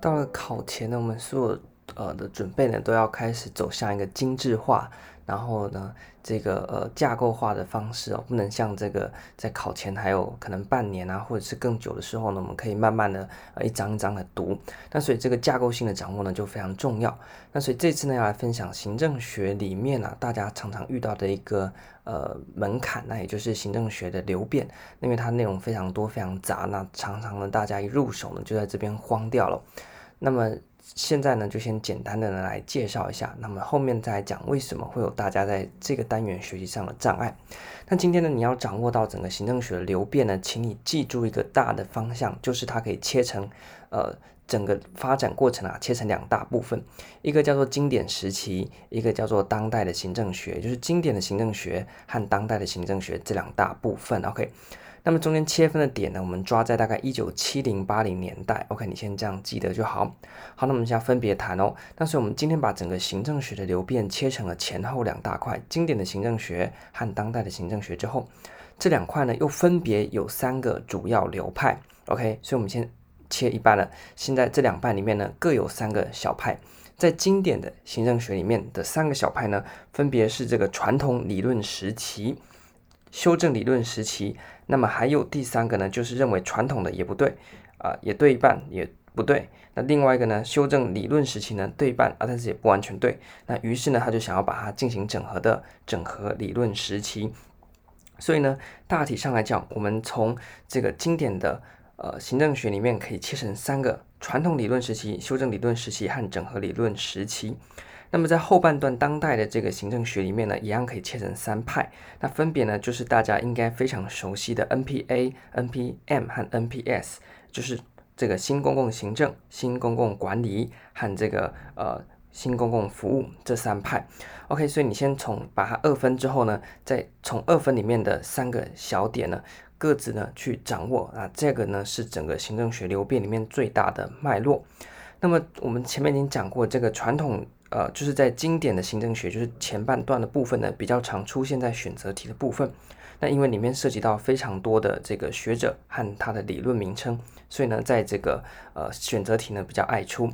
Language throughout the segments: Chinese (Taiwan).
到了考前呢，我們所有呃的準備呢，都要開始走向一個精致化，然後呢，這個呃架構化的方式哦，不能像這個在考前還有可能半年啊，或者是更久的時候呢，我們可以慢慢的、呃、一張一張的讀，那所以這個架構性的掌握呢就非常重要。那所以這次呢要來分享行政學裡面啊，大家常常遇到的一個呃門檻，那也就是行政學的流變，那因為它內容非常多非常雜，那常常呢大家一入手呢就在這邊慌掉了。那麼現在呢，就先簡單的呢來介紹一下，那麼後面再來講為什麼會有大家在這個單元學習上的障礙。那今天呢，你要掌握到整個行政學的流變呢，請你記住一個大的方向，就是它可以切成，呃，整個發展過程啊，切成兩大部分，一個叫做經典時期，一個叫做當代的行政學，就是經典的行政學和當代的行政學這兩大部分，OK。那麼中間切分的點呢，我們抓在大概一九七零八零年代。OK，你先這樣記得就好。好，那我們現在分別談哦。但是我們今天把整個行政學的流變切成了前後兩大塊，經典的行政學和當代的行政學之後，這兩塊呢又分別有三個主要流派。OK，所以我們先切一半了。現在這兩半裡面呢各有三個小派。在經典的行政學裡面的三個小派呢，分別是這個傳統理論時期、修正理論時期。那麼還有第三個呢，就是認為傳統的也不對，啊、呃、也對一半也不對。那另外一個呢，修正理論時期呢對一半啊，但是也不完全對。那於是呢，他就想要把它進行整合的整合理論時期。所以呢，大體上來講，我們從這個經典的呃行政學裡面可以切成三個：傳統理論時期、修正理論時期和整合理論時期。那麼在後半段當代的這個行政學裡面呢，一樣可以切成三派，那分別呢就是大家應該非常熟悉的 NPA、NPM 和 NPS，就是這個新公共行政、新公共管理和這個呃新公共服務這三派。OK，所以你先從把它二分之後呢，再從二分裡面的三個小點呢，各自呢去掌握啊，這個呢是整個行政學流變裡面最大的脈絡。那麼我們前面已經講過這個傳統。呃，就是在經典的行政學，就是前半段的部分呢，比較常出現在選擇題的部分。那因為裡面涉及到非常多的這個學者和他的理論名稱，所以呢，在這個呃選擇題呢比較愛出。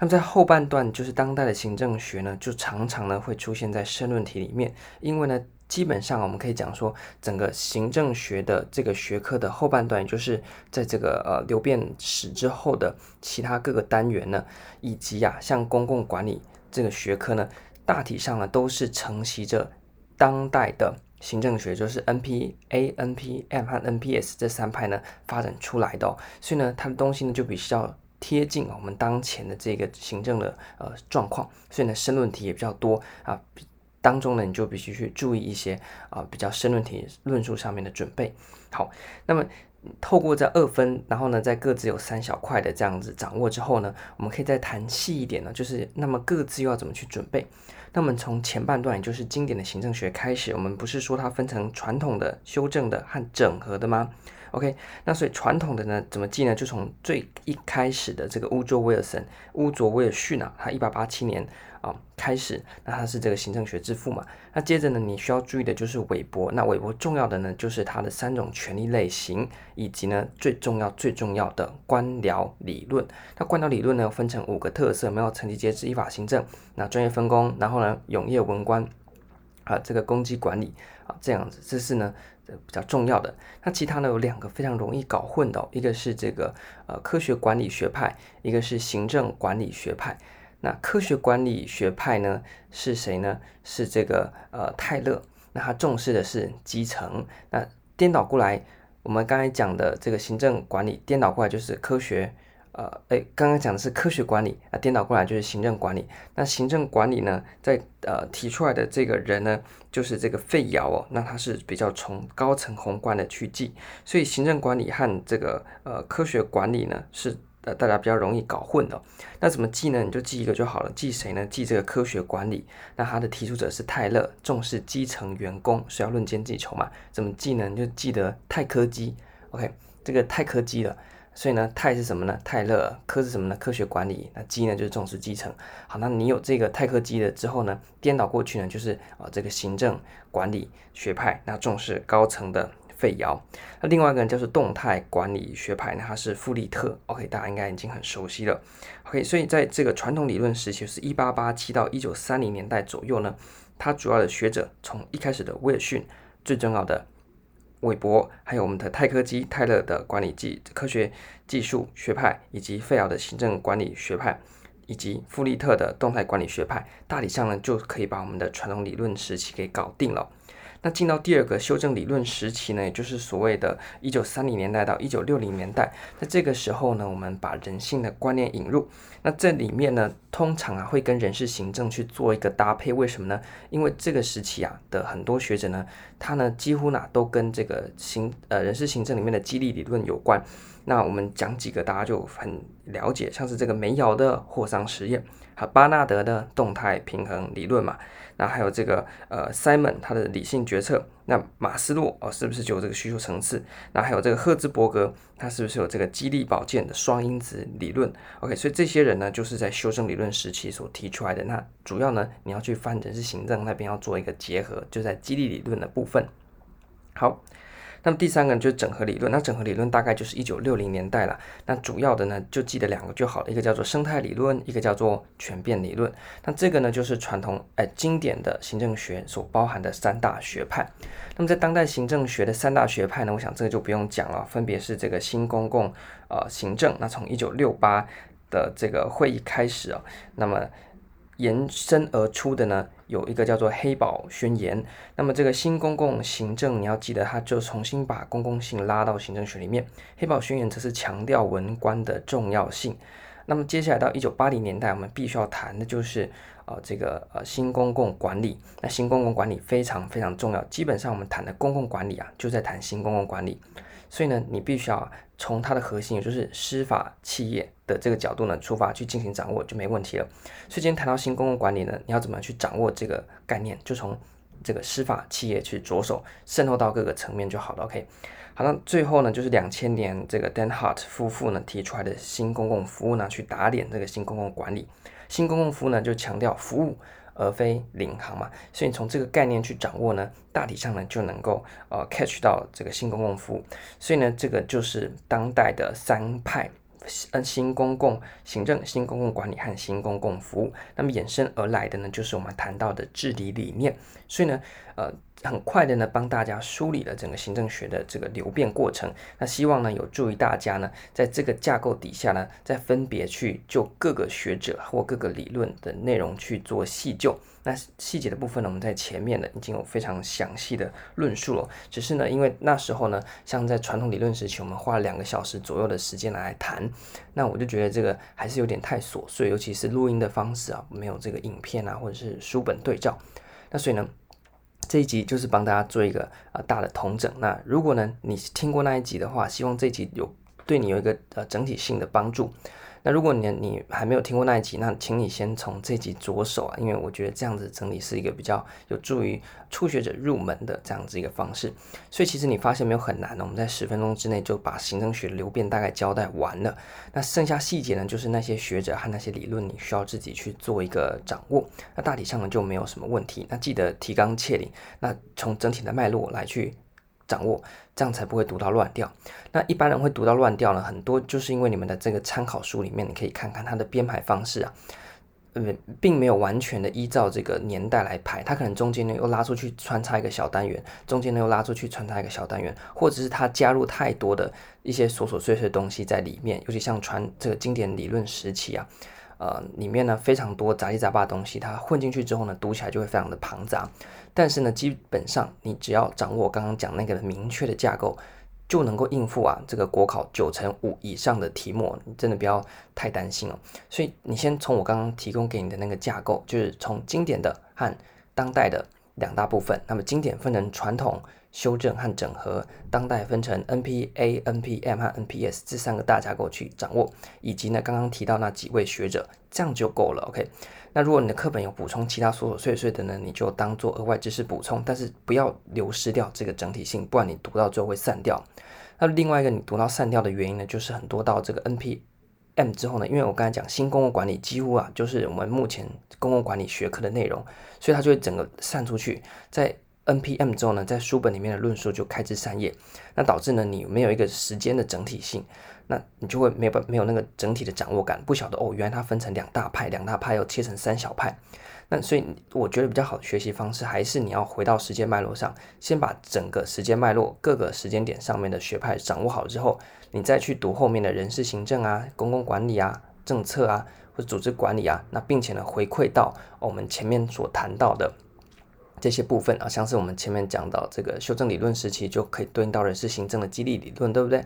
那麼在後半段，就是當代的行政學呢，就常常呢會出現在申論題裡面。因為呢，基本上我們可以講說，整個行政學的這個學科的後半段，就是在這個呃流變史之後的其他各個單元呢，以及啊像公共管理。這個學科呢，大體上呢都是承襲着當代的行政學，就是 NPA、NPM 和 NPS 這三派呢發展出來的。哦，所以呢，它的東西呢就比較貼近我們當前的這個行政的呃狀況，所以呢，申論題也比較多啊。當中呢，你就必須去注意一些啊、呃、比較申論題論述上面的準備。好，那麼。透過這二分，然後呢，在各自有三小塊的這樣子掌握之後呢，我們可以再談細一點呢，就是那麼各自又要怎麼去準備。那麼從前半段也就是經典的行政學開始，我們不是說它分成傳統的、修正的和整合的嗎？OK，那所以傳統的呢，怎麼記呢？就從最一開始的這個烏卓威爾森、烏卓威爾遜啊，他一八八七年啊、哦、開始，那他是這個行政學之父嘛。那接着呢，你需要注意的就是韋伯。那韋伯重要的呢，就是他的三種權力類型，以及呢最重要最重要的官僚理論。那官僚理論呢，分成五個特色，沒有層級節制，依法行政、那專業分工，然後呢永業文官。啊，這個攻擊管理啊，這樣子，這是呢比較重要的。那其他呢有兩個非常容易搞混的、哦，一個是這個呃科學管理學派，一個是行政管理學派。那科學管理學派呢是誰呢？是這個呃泰勒。那他重視的是基層。那顛倒過來，我們剛才講的這個行政管理，顛倒過來就是科學。呃，哎，剛剛講的是科學管理，啊、呃，顛倒過來就是行政管理。那行政管理呢，在呃提出來的這個人呢，就是這個費堯哦。那他是比較從高層宏觀的去記，所以行政管理和這個呃科學管理呢，是呃大家比較容易搞混的、哦。那怎麼記呢？你就記一個就好了。記誰呢？記這個科學管理。那他的提出者是泰勒，重視基層員工，是要論件計酬嘛？怎麼記呢？你就記得泰科基。OK，這個泰科基了。所以呢，泰是什麼呢？泰勒，科是什麼呢？科學管理。那基呢，就是重視基層。好，那你有這個泰科基的之後呢，顛倒過去呢，就是啊這個行政管理學派，那重視高層的費堯。那另外一個人就是動態管理學派，那他是弗利特。OK，大家應該已經很熟悉了。OK，所以在這個傳統理論時期就是1887到1930年代左右呢，它主要的學者從一開始的威爾遜，最重要的。韋伯，還有我們的泰科基泰勒，的管理技科學技術學派，以及費堯的行政管理學派，以及富利特的動態管理學派，大體上呢就可以把我們的傳統理論時期給搞定了。那進到第二個修正理論時期呢，也就是所謂的1930年代到1960年代，在這個時候呢，我們把人性的觀念引入。那這裡面呢，通常啊會跟人事行政去做一個搭配，為什麼呢？因為這個時期啊的很多學者呢，他呢幾乎呢都跟這個行，呃，人事行政裡面的激勵理論有關。那我們講幾個大家就很了解，像是這個梅奧的霍桑實驗和巴納德的動態平衡理論嘛，那還有這個，呃，Simon 他的理性決策。那馬斯洛哦，是不是就有這個需求層次？那還有這個赫茲伯格，他是不是有這個激勵保健的雙因子理論？OK，所以這些人呢，就是在修正理論時期所提出來的。那主要呢，你要去翻人事行政那邊要做一個結合，就在激勵理論的部分。好。那麼第三個呢就是整合理論，那整合理論大概就是一九六零年代了。那主要的呢，就記得兩個就好了，一個叫做生態理論，一個叫做權變理論。那這個呢，就是傳統、哎、經典的行政學所包含的三大學派。那麼在當代行政學的三大學派呢，我想這個就不用講了，分別是這個新公共、呃、行政。那從一九六八的這個會議開始啊，那麼。延伸而出的呢，有一個叫做黑堡宣言。那麼這個新公共行政，你要記得，它就重新把公共性拉到行政學裡面。黑堡宣言則是強調文官的重要性。那麼接下來到一九八零年代，我們必須要談的就是呃這個呃新公共管理。那新公共管理非常非常重要，基本上我們談的公共管理啊，就在談新公共管理。所以呢，你必須要從它的核心，也就是司法企業的這個角度呢出發，去進行掌握，就沒問題了。所以今天談到新公共管理呢，你要怎麼去掌握這個概念，就從這個司法企業去着手，滲透到各個層面就好了。OK，好，那最後呢，就是兩千年這個 Denhardt 夫婦呢提出來的新公共服務呢，去打點這個新公共管理。新公共服務呢，就強調服務。而非領航嘛，所以從這個概念去掌握呢，大體上呢就能夠呃 catch 到這個新公共服務。所以呢，這個就是當代的三派，呃，新公共行政、新公共管理和新公共服務。那麼衍生而來的呢，就是我們談到的治理理念。所以呢，呃。很快的呢，幫大家梳理了整個行政學的這個流變過程。那希望呢，有助於大家呢，在這個架構底下呢，再分別去就各個學者或各個理論的內容去做細究。那細節的部分呢，我們在前面呢已經有非常詳細的論述了。只是呢，因為那時候呢，像在傳統理論時期，我們花了兩個小時左右的時間來，來談。那我就覺得這個還是有點太瑣碎，尤其是錄音的方式啊，沒有這個影片啊，或者是書本對照。那所以呢。這一集就是幫大家做一個啊、呃、大的統整。那如果呢，你聽過那一集的話，希望這一集有對你有一個呃整體性的幫助。那如果你你還沒有聽過那一集，那請你先從這集着手啊，因為我覺得這樣子整理是一個比較有助於初學者入門的這樣子一個方式。所以其實你發現沒有很難呢，我們在十分鐘之內就把行政學流變大概交代完了。那剩下細節呢，就是那些學者和那些理論，你需要自己去做一個掌握。那大體上呢，就沒有什麼問題。那記得提綱挈領，那從整體的脈絡來去掌握，這樣才不會讀到亂掉。那一般人會讀到亂掉呢，很多就是因為你們的這個參考書裡面，你可以看看它的編排方式啊，呃、嗯，並沒有完全的依照這個年代來排，它可能中間呢又拉出去穿插一個小單元，中間呢又拉出去穿插一個小單元，或者是它加入太多的一些瑣瑣碎碎的東西在裡面，尤其像傳這個經典理論時期啊。呃，裡面呢非常多雜七雜八的東西，它混進去之後呢，讀起來就會非常的龐雜。但是呢，基本上你只要掌握我剛剛講那個的明確的架構，就能夠應付啊這個國考九成五以上的題目，你真的不要太擔心了哦。所以你先從我剛剛提供給你的那個架構，就是從經典的和當代的。兩大部分，那麼經典分成傳統、修正和整合，當代分成 N P A、N P M 和 N P S 這三個大架構去掌握，以及呢剛剛提到那幾位學者，這樣就夠了。OK，那如果你的課本有補充其他瑣瑣碎碎的呢，你就當做額外知識補充，但是不要流失掉這個整體性，不然你讀到最後會散掉。那另外一個你讀到散掉的原因呢，就是很多到這個 N P。M 之後呢，因為我剛才講新公共管理幾乎啊，就是我們目前公共管理學科的內容，所以它就會整個散出去。在 NPM 之後呢，在書本裡面的論述就開枝散葉，那導致呢，你沒有一個時間的整體性，那你就會沒有辦沒有那個整體的掌握感，不曉得哦，原來它分成兩大派，兩大派又切成三小派。那所以我覺得比較好的學習方式，還是你要回到時間脈絡上，先把整個時間脈絡各個時間點上面的學派掌握好之後，你再去讀後面的人事行政啊、公共管理啊、政策啊或組織管理啊。那並且呢，回饋到我們前面所談到的這些部分啊，像是我們前面講到這個修正理論時期，就可以對應到人事行政的激勵理論，對不對？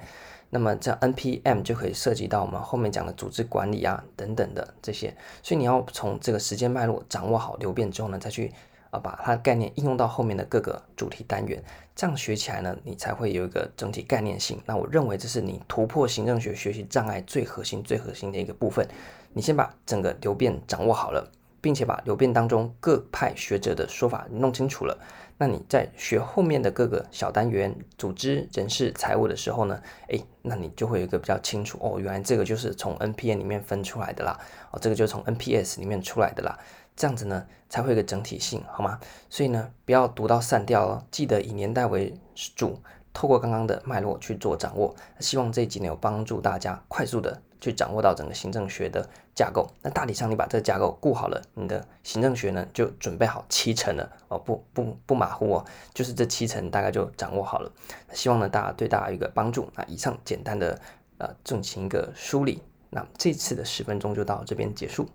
那麼這樣 NPM 就可以涉及到我們後面講的組織管理啊等等的這些，所以你要從這個時間脈絡掌握好流變之後呢，再去啊把它概念應用到後面的各個主題單元，這樣學起來呢，你才會有一個整體概念性。那我認為這是你突破行政學學習障礙最核心、最核心的一個部分，你先把整個流變掌握好了。並且把流變當中各派學者的說法弄清楚了，那你在學後面的各個小單元組織人事財務的時候呢，哎，那你就會有一個比較清楚哦，原來這個就是從 NPM 裡面分出來的啦，哦，這個就是從 NPS 裡面出來的啦，這樣子呢才會有個整體性，好嗎？所以呢，不要讀到散掉哦，記得以年代為主。透過剛剛的脈絡去做掌握，希望這一集有幫助大家快速的去掌握到整個行政學的架構。那大體上你把這個架構顧好了，你的行政學呢就準備好七成了哦，不不不馬虎哦，就是這七成大概就掌握好了。希望呢大家對大家有一個幫助。那以上簡單的呃進行一個梳理，那這次的十分鐘就到這邊結束。